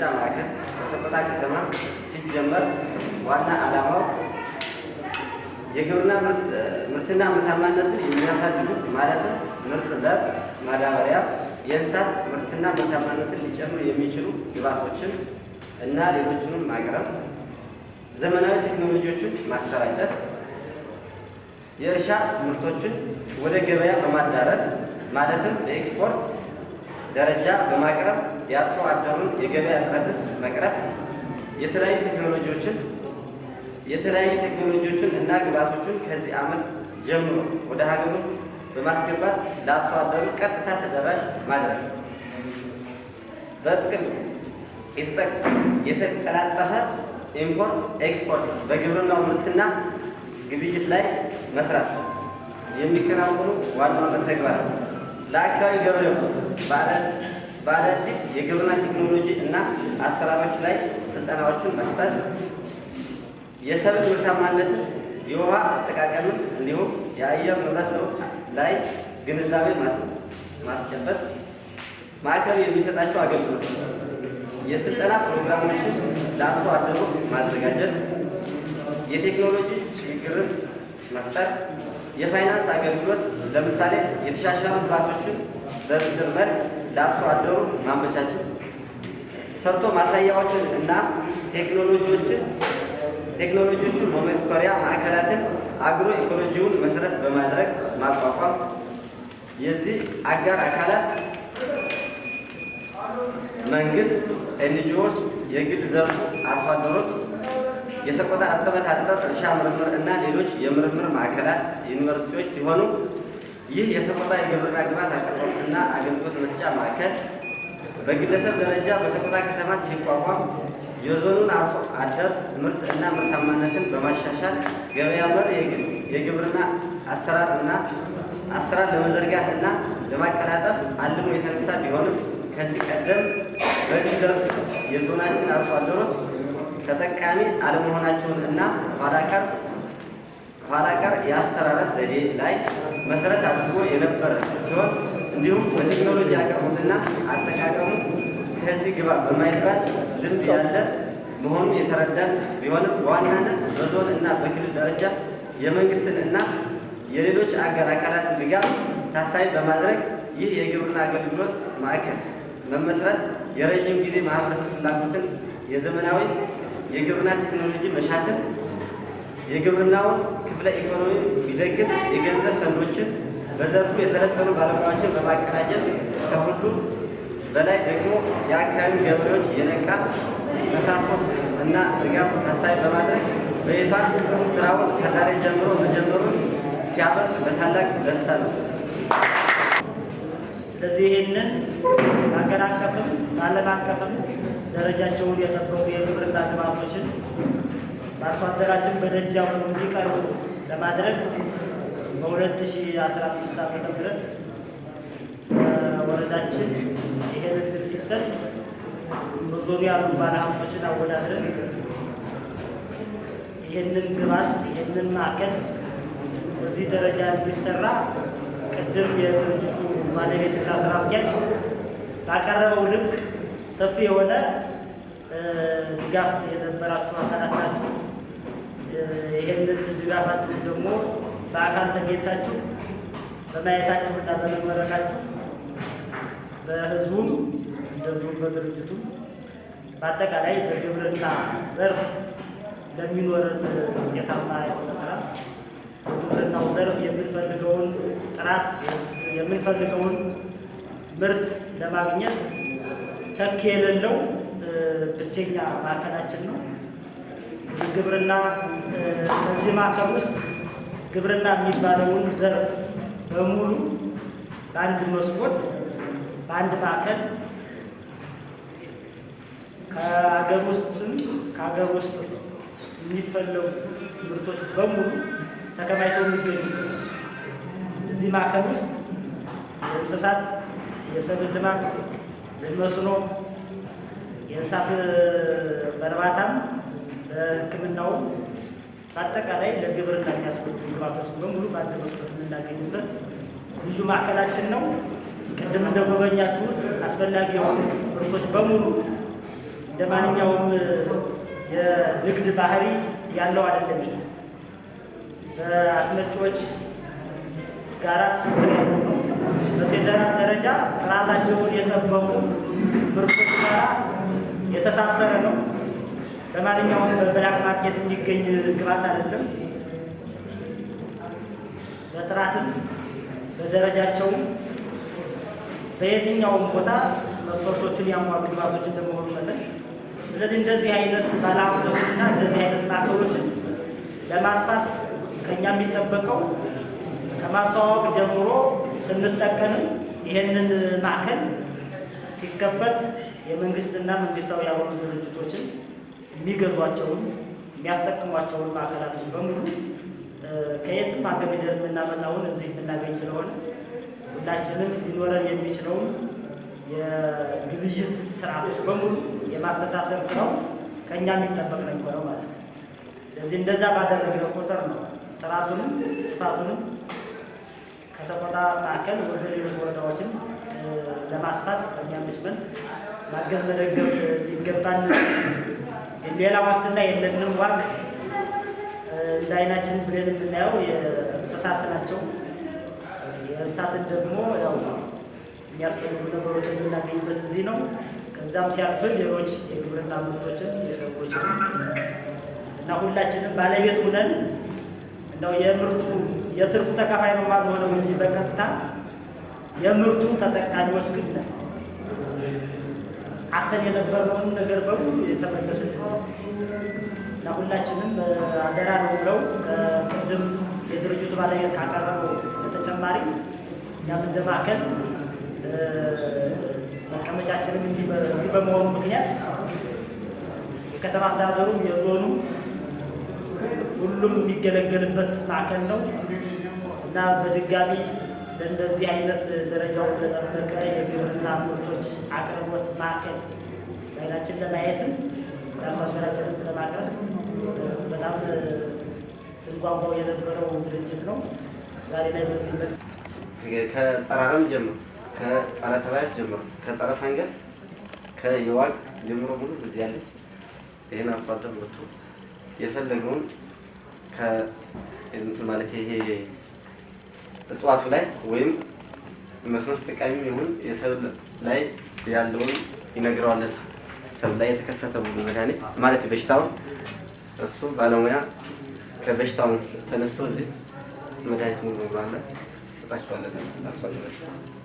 የምርጫ ማዕከል በሰቆጣ ከተማ ሲጀመር ዋና ዓላማው የግብርና ምርትና ምርታማነትን የሚያሳድጉ ማለትም ምርጥ ዘር፣ ማዳበሪያ፣ የእንስሳት ምርትና ምርታማነትን ሊጨምሩ የሚችሉ ግብዓቶችን እና ሌሎችንም ማቅረብ፣ ዘመናዊ ቴክኖሎጂዎችን ማሰራጨት፣ የእርሻ ምርቶችን ወደ ገበያ በማዳረስ ማለትም በኤክስፖርት ደረጃ በማቅረብ የአርሶ አደሩን የገበያ እጥረትን መቅረፍ፣ የተለያዩ ቴክኖሎጂዎችን የተለያዩ ቴክኖሎጂዎችን እና ግብዓቶችን ከዚህ ዓመት ጀምሮ ወደ ሀገር ውስጥ በማስገባት ለአርሶ አደሩ ቀጥታ ተደራሽ ማድረግ፣ በጥቅል የተቀላጠፈ ኢምፖርት ኤክስፖርት በግብርናው ምርትና ግብይት ላይ መስራት የሚከናወኑ ዋና ተግባራት ለአካባቢ ገበሬው ማለት በአዳዲስ የግብርና ቴክኖሎጂ እና አሰራሮች ላይ ስልጠናዎችን መስጠት፣ የሰብል ምርታማነትን፣ የውሃ አጠቃቀምን እንዲሁም የአየር ንብረት ለውጥ ላይ ግንዛቤ ማስጨበጥ። ማዕከሉ የሚሰጣቸው አገልግሎት የስልጠና ፕሮግራሞችን ለአርሶ አደሩ ማዘጋጀት፣ የቴክኖሎጂ ሽግግርን መፍጠር፣ የፋይናንስ አገልግሎት ለምሳሌ የተሻሻሉ ግባቶችን በብድር መልክ ለአርሶ አደሩ ማመቻቸት፣ ሰርቶ ማሳያዎችን እና ቴክኖሎጂዎችን ቴክኖሎጂዎቹን መመኮሪያ ማዕከላትን አግሮ ኢኮሎጂውን መሰረት በማድረግ ማቋቋም የዚህ አጋር አካላት መንግስት፣ ኤንጂዎች፣ የግል ዘርፉ አርሶ አደሮች የሰቆጣ እርጥበት አጠር እርሻ ምርምር እና ሌሎች የምርምር ማዕከላት ዩኒቨርሲቲዎች ሲሆኑ ይህ የሰቆጣ የግብርና ግብዓት እና አገልግሎት መስጫ ማዕከል በግለሰብ ደረጃ በሰቆጣ ከተማ ሲቋቋም የዞኑን አርሶ አደር ምርት እና ምርታማነትን በማሻሻል ገበያ መር የግብርና አሰራር እና አሰራር ለመዘርጋት እና ለማቀላጠፍ አልሞ የተነሳ ቢሆንም ከዚህ ቀደም በዚህ ዘርፍ የዞናችን አርሶ አደሮች ተጠቃሚ አለመሆናቸውን እና ኋላ ቀር የአስተራረስ ዘዴ ላይ መሰረት አድርጎ የነበረ ሲሆን እንዲሁም በቴክኖሎጂ አቅርቦትና አጠቃቀሙ ከዚህ ግባ በማይባል ልምድ ያለ መሆኑ የተረዳን ቢሆንም በዋናነት በዞን እና በክልል ደረጃ የመንግስትን እና የሌሎች አገር አካላትን ድጋፍ ታሳቢ በማድረግ ይህ የግብርና አገልግሎት ማዕከል መመስረት የረዥም ጊዜ ማህበረሰብ ፍላጎትን የዘመናዊ የግብርና ቴክኖሎጂ መሻትን የግብርናውን ክፍለ ኢኮኖሚ ቢደግፍ የገንዘብ ፈንዶችን በዘርፉ የሰለጠኑ ባለሙያዎችን በማቀናጀት ከሁሉም በላይ ደግሞ የአካባቢ ገበሬዎች የነቃ ተሳትፎ እና ድጋፍ ታሳቢ በማድረግ በይፋ ስራውን ከዛሬ ጀምሮ መጀመሩን ሲያበስ በታላቅ ደስታ ነው። ስለዚህ ይህንን ሀገር አቀፍም ዓለም አቀፍም ደረጃቸውን የጠበቁ የግብርና ግብዓቶችን በአርሶ አደራችን በደጃፉ እንዲቀርቡ ለማድረግ በ2015 ዓመተ ምህረት ወረዳችን ይሄን እድል ሲሰጥ በዞኑ ያሉ ባለሀብቶችን አወዳድረን ይህንን ግብዓት ይህንን ማዕከል በዚህ ደረጃ እንዲሰራ ቅድም የድርጅቱ ባለቤትና ስራ አስኪያጅ ባቀረበው ልክ ሰፊ የሆነ ድጋፍ የነበራችሁ አካላት ይህንን ድጋፋችሁ ደግሞ በአካል ተገኝታችሁ በማየታችሁ እና በመመረቃችሁ በህዝቡም እንደዚሁም በድርጅቱ በአጠቃላይ በግብርና ዘርፍ ለሚኖረን ውጤታማ የሆነ ስራ በግብርናው ዘርፍ የምንፈልገውን ጥራት የምንፈልገውን ምርት ለማግኘት ተኪ የሌለው ብቸኛ ማዕከላችን ነው። ግብርና በዚህ ማዕከል ውስጥ ግብርና የሚባለውን ዘርፍ በሙሉ በአንድ መስኮት በአንድ ማዕከል ከሀገር ውስጥም ከሀገር ውስጥ የሚፈለጉ ምርቶች በሙሉ ተከማይተው የሚገኙ እዚህ ማዕከል ውስጥ የእንስሳት የሰብል ልማት በመስኖ የእንስሳት በእርባታም በሕክምናው በአጠቃላይ ለግብርና የሚያስፈልጉ ግባቶች በሙሉ ባለመስኮት የምናገኝበት ብዙ ማዕከላችን ነው። ቅድም እንደጎበኛችሁት አስፈላጊ የሆኑት ምርቶች በሙሉ እንደ ማንኛውም የንግድ ባህሪ ያለው አይደለም። በአስመጪዎች ጋራ ትስስር በፌደራል ደረጃ ጥራታቸውን የጠበቁ ምርቶች ጋራ የተሳሰረ ነው። በማንኛውም በብላክ ማርኬት የሚገኝ ግብዓት አይደለም። በጥራትም በደረጃቸውም በየትኛውም ቦታ መስፈርቶቹን ያሟሉ ግብዓቶች እንደመሆኑ መጠን ስለዚህ እንደዚህ አይነት ባለሀብቶችና እንደዚህ አይነት ማዕከሎችን ለማስፋት ከእኛ የሚጠበቀው ከማስተዋወቅ ጀምሮ ስንጠቀምም ይህንን ማዕከል ሲከፈት የመንግስትና መንግስታዊ ያልሆኑ ድርጅቶችን የሚገዟቸውን የሚያስጠቅሟቸውን ማዕከላቶች በሙሉ ከየትም አገቢደር የምናመጣውን እዚህ የምናገኝ ስለሆነ ሁላችንም ሊኖረን የሚችለውን የግብይት ስርዓቶች በሙሉ የማስተሳሰር ስራው ከእኛ የሚጠበቅ ነው የሚሆነው ማለት ነው። ስለዚህ እንደዛ ባደረግነው ቁጥር ነው ጥራቱንም ስፋቱንም ከሰቆጣ ማዕከል ወደ ሌሎች ወረዳዎችን ለማስፋት በሚያመች መልክ ማገዝ መደገፍ ይገባል። ሌላ ዋስትና የለንም። ዋክ እንደ አይናችን ብለን የምናየው የእንስሳት ናቸው። የእንስሳትን ደግሞ ያው የሚያስፈልጉ ነገሮች የምናገኝበት እዚህ ነው። ከዛም ሲያልፍ ሌሎች የግብርና ምርቶችን የሰዎችን እና ሁላችንም ባለቤት ሁነን እንደው የምርቱ የትርፉ ተካፋይ ነው ማለት ሆነው እንጂ በቀጥታ የምርቱ ተጠቃሚ ግን ነን። አተን የነበረውን ነገር በሙሉ የተመለስን እና ሁላችንም አደራ ነው ብለው ከቅድም የድርጅቱ ባለቤት ካቀረበው በተጨማሪ እኛም እንደ ማዕከል መቀመጫችንም እንዲህ በመሆኑ ምክንያት የከተማ አስተዳደሩ የዞኑ ሁሉም የሚገለገልበት ማዕከል ነው እና በድጋሚ ለእንደዚህ አይነት ደረጃውን ለጠበቀ የግብርና ምርቶች አቅርቦት ማዕከል በዓይናችን ለማየትም ለሀገራችንም ለማቅረብ በጣም ስንጓጓው የነበረው ድርጅት ነው። ዛሬ ላይ በዚህ ከጸረ አረም ጀምሮ ከጸረ ተባያት ጀምሮ ከጸረ ፈንገስ ከየዋቅ ጀምሮ ሙሉ እዚህ ያለች ይህን አባተር ወጥቶ የፈለገውን ከእንትን ማለት ይሄ እጽዋቱ ላይ ወይም መስኖ ተጠቃሚ ይሁን የሰብል ላይ ያለውን ይነግረዋል። ሰብል ላይ የተከሰተ መድኃኒት ማለት በሽታውን እሱ ባለሙያ ከበሽታውን ተነስቶ እዚህ መድኃኒት ሙሉ ባለ ስጣቸዋለን።